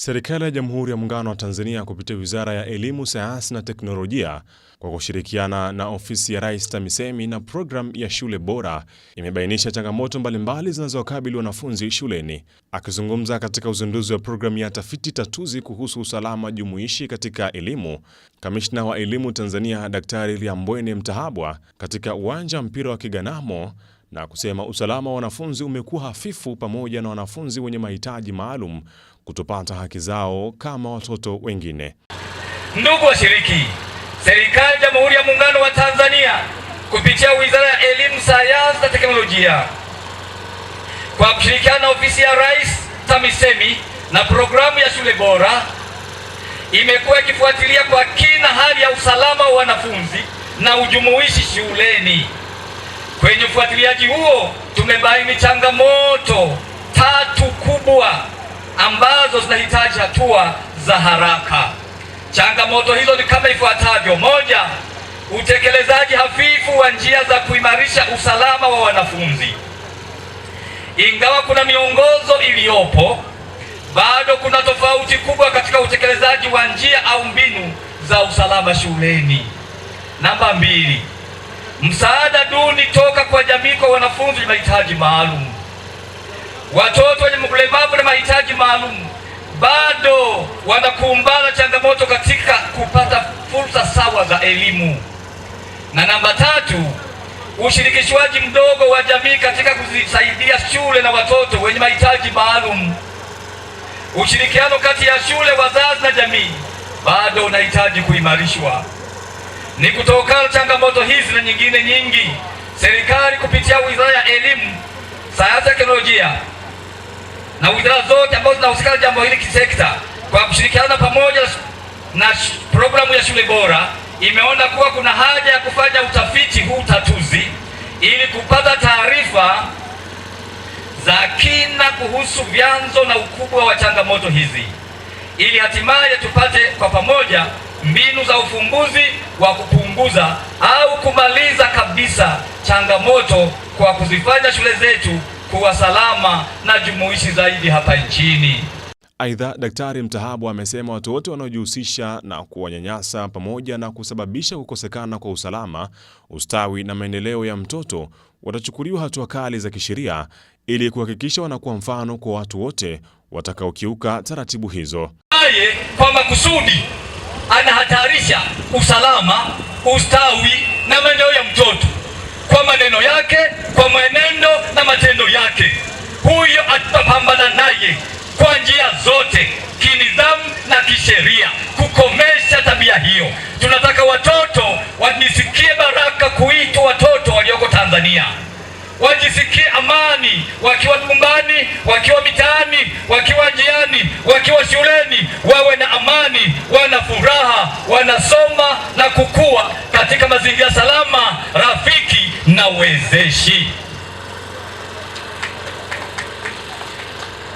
Serikali ya Jamhuri ya Muungano wa Tanzania kupitia Wizara ya Elimu, Sayansi na Teknolojia kwa kushirikiana na Ofisi ya Rais TAMISEMI na Programu ya Shule Bora imebainisha changamoto mbalimbali zinazowakabili wanafunzi shuleni. Akizungumza katika uzinduzi wa programu ya tafiti tatuzi kuhusu usalama jumuishi katika elimu, Kamishna wa Elimu Tanzania Daktari Liambwene Mtahabwa katika uwanja wa mpira wa Kiganamo na kusema usalama wa wanafunzi umekuwa hafifu pamoja na wanafunzi wenye mahitaji maalum kutopata haki zao kama watoto wengine. Ndugu washiriki, serikali ya Jamhuri ya Muungano wa Tanzania kupitia Wizara ya Elimu, Sayansi na Teknolojia kwa kushirikiana na Ofisi ya Rais TAMISEMI na programu ya shule bora imekuwa ikifuatilia kwa kina hali ya usalama wa wanafunzi na ujumuishi shuleni. Kwenye ufuatiliaji huo tumebaini changamoto tatu kubwa ambazo zinahitaji hatua za haraka. Changamoto hizo ni kama ifuatavyo: moja, utekelezaji hafifu wa njia za kuimarisha usalama wa wanafunzi. Ingawa kuna miongozo iliyopo, bado kuna tofauti kubwa katika utekelezaji wa njia au mbinu za usalama shuleni. Namba mbili Msaada duni toka kwa jamii kwa wanafunzi wenye mahitaji maalum, watoto wenye ulemavu na mahitaji maalum bado wanakumbana changamoto katika kupata fursa sawa za elimu. Na namba tatu, ushirikishwaji mdogo wa jamii katika kuzisaidia shule na watoto wenye mahitaji maalum. Ushirikiano kati ya shule, wazazi na jamii bado unahitaji kuimarishwa. Ni kutokana changamoto hizi na nyingine nyingi, serikali kupitia wizara ya elimu, sayansi na teknolojia na wizara zote ambazo zinahusika jambo hili kisekta, kwa kushirikiana pamoja na programu ya shule bora, imeona kuwa kuna haja ya kufanya utafiti huu tatuzi ili kupata taarifa za kina kuhusu vyanzo na ukubwa wa changamoto hizi ili hatimaye tupate kwa pamoja mbinu za ufumbuzi wa kupunguza au kumaliza kabisa changamoto kwa kuzifanya shule zetu kuwa salama na jumuishi zaidi hapa nchini. Aidha, Daktari Mtahabu amesema watu wote wanaojihusisha na kuwanyanyasa pamoja na kusababisha kukosekana kwa usalama, ustawi na maendeleo ya mtoto watachukuliwa hatua kali za kisheria ili kuhakikisha wanakuwa mfano kwa watu wote watakaokiuka taratibu hizo. Aye, kwa makusudi anahatarisha usalama, ustawi na maendeleo ya mtoto kwa maneno yake, kwa mwenendo na matendo yake. Huyo atutapambana naye kwa njia zote, kinidhamu na kisheria, kukomesha tabia hiyo. Tunataka watoto wajisikie baraka kuitwa watoto walioko Tanzania wajisikie amani wakiwa nyumbani, wakiwa mitaani, wakiwa njiani, wakiwa shuleni, wawe na amani, wana furaha, wanasoma na kukua katika mazingira salama, rafiki na wezeshi.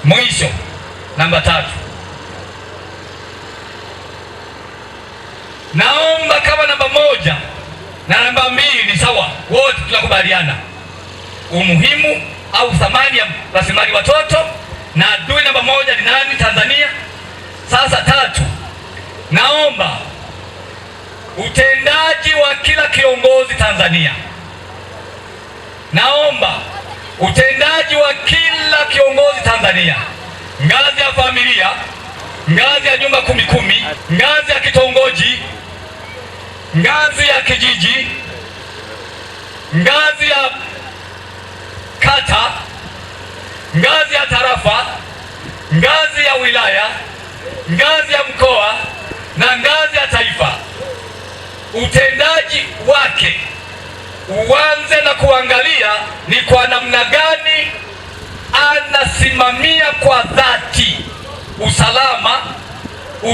Mwisho, namba tatu, naomba kama namba moja na namba mbili ni sawa, wote tunakubaliana umuhimu au thamani ya rasilimali watoto, na adui namba moja ni nani? Tanzania. Sasa tatu, naomba utendaji wa kila kiongozi Tanzania, naomba utendaji wa kila kiongozi Tanzania, ngazi ya familia, ngazi ya nyumba kumi kumi, ngazi ya kitongoji, ngazi ya kijiji, ngazi ya kata, ngazi ya tarafa, ngazi ya wilaya, ngazi ya mkoa na ngazi ya taifa, utendaji wake uanze na kuangalia ni kwa namna gani anasimamia kwa dhati usalama,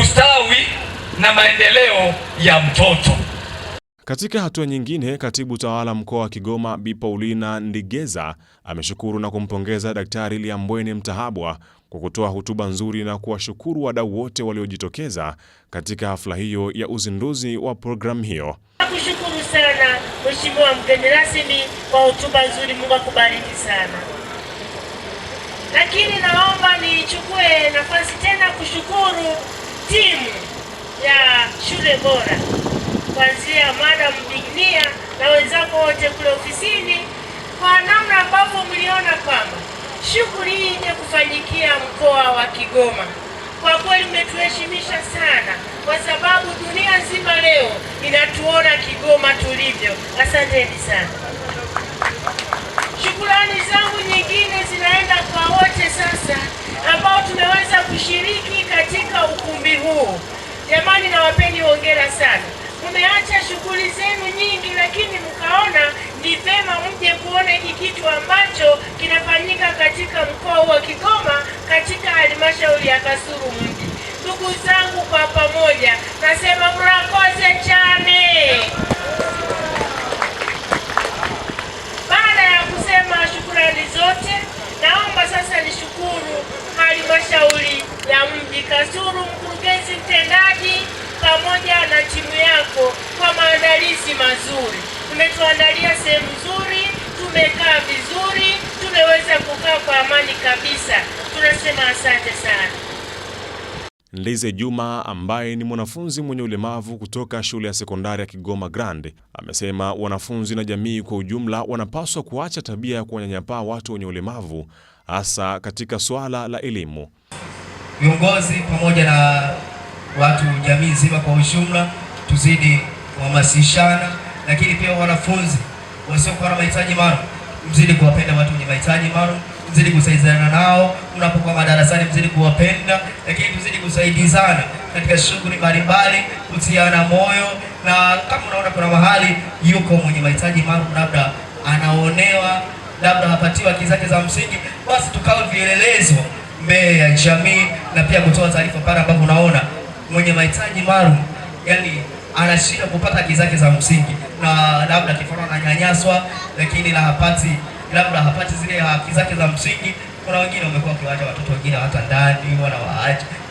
ustawi na maendeleo ya mtoto. Katika hatua nyingine, katibu tawala mkoa wa Kigoma Bi Paulina Ndigeza ameshukuru na kumpongeza Daktari Liambwene Mtahabwa kwa kutoa hotuba nzuri na kuwashukuru wadau wote waliojitokeza katika hafla hiyo ya uzinduzi wa programu hiyo. Nakushukuru sana Mheshimiwa mgeni rasmi kwa hotuba nzuri, Mungu akubariki sana. Lakini naomba nichukue nafasi tena kushukuru timu ya shule bora kuanzia madam mdignia na wenzako wote kule ofisini kwa namna ambavyo mliona kwamba shughuli hii ije kufanyikia mkoa wa Kigoma. Kwa kweli mmetuheshimisha sana, kwa sababu dunia nzima leo inatuona Kigoma tulivyo. Asanteni sana. Shukrani zangu nyingine zinaenda kwa wote sasa ambao tumeweza kushiriki katika ukumbi huu. Jamani, nawapeni hongera sana mmeacha shughuli zenu nyingi, lakini mkaona ni vema mje kuona hiki kitu ambacho kinafanyika katika mkoa wa Kigoma katika halmashauri ya Kasulu mji. Ndugu zangu kwa maandalizi mazuri, umetuandalia sehemu nzuri, tumekaa vizuri, tumeweza kukaa kwa amani kabisa. Tunasema asante sana. Ndize Juma ambaye ni mwanafunzi mwenye ulemavu kutoka shule ya sekondari ya Kigoma Grand amesema wanafunzi na jamii kwa ujumla wanapaswa kuacha tabia ya kuwanyanyapaa watu wenye ulemavu hasa katika swala la elimu. Viongozi pamoja na watu jamii nzima kwa ujumla tuzidi kuhamasishana, lakini pia wanafunzi wasiokuwa na mahitaji maalum, mzidi kuwapenda watu wenye mahitaji maalum, mzidi kusaidiana nao unapokuwa madarasani, mzidi kuwapenda, lakini tuzidi kusaidizana katika shughuli mbalimbali, kutiana moyo, na kama unaona kuna mahali yuko mwenye mahitaji maalum, labda anaonewa, labda hapatiwa haki zake za msingi, basi tukawa vielelezo mbele ya jamii na pia kutoa taarifa pale ambapo unaona mwenye mahitaji maalum yani anashindwa kupata haki zake za msingi, na labda kifano ananyanyaswa, lakini la hapati labda hapati zile haki zake za msingi. Kuna wengine wamekuwa kiwaja watoto wengine hata ndani yani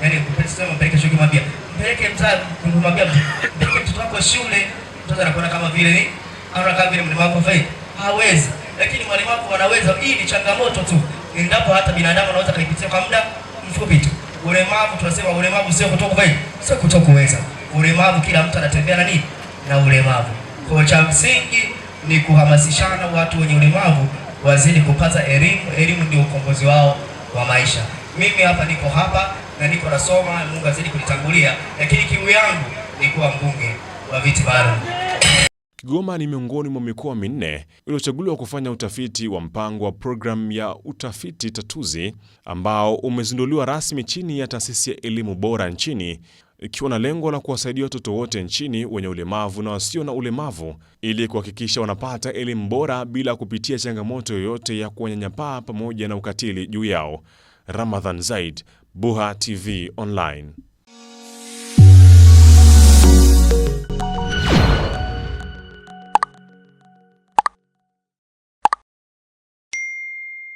yaani sema mpeleke shule, kumwambia mpeleke mzazi, kumwambia mpeleke mtoto wako shule, mtoto anakuwa kama vile ni anaona kama vile mwalimu wako fai hawezi, lakini mwalimu wako anaweza. Hii ni changamoto tu, endapo hata binadamu anaweza kaipitia kwa muda mfupi tu. Ulemavu tunasema ulemavu sio kutokuweza, sio kutokuweza ulemavu, kila mtu anatembea na nini na ulemavu. Kwa cha msingi ni kuhamasishana watu wenye ulemavu wazidi kupata elimu. Elimu ndio ukombozi wao wa maisha. Mimi hapa niko hapa na niko nasoma, Mungu azidi kunitangulia, lakini kiu yangu ni kuwa mbunge wa viti maalum. Kigoma ni miongoni mwa mikoa minne iliyochaguliwa kufanya utafiti wa mpango wa programu ya utafiti tatuzi ambao umezinduliwa rasmi chini ya taasisi ya elimu bora nchini ikiwa na lengo la kuwasaidia watoto wote nchini wenye ulemavu na wasio na ulemavu ili kuhakikisha wanapata elimu bora bila kupitia changamoto yoyote ya kuwanyanyapaa pamoja na ukatili juu yao. Ramadhan Zaid, Buha TV Online.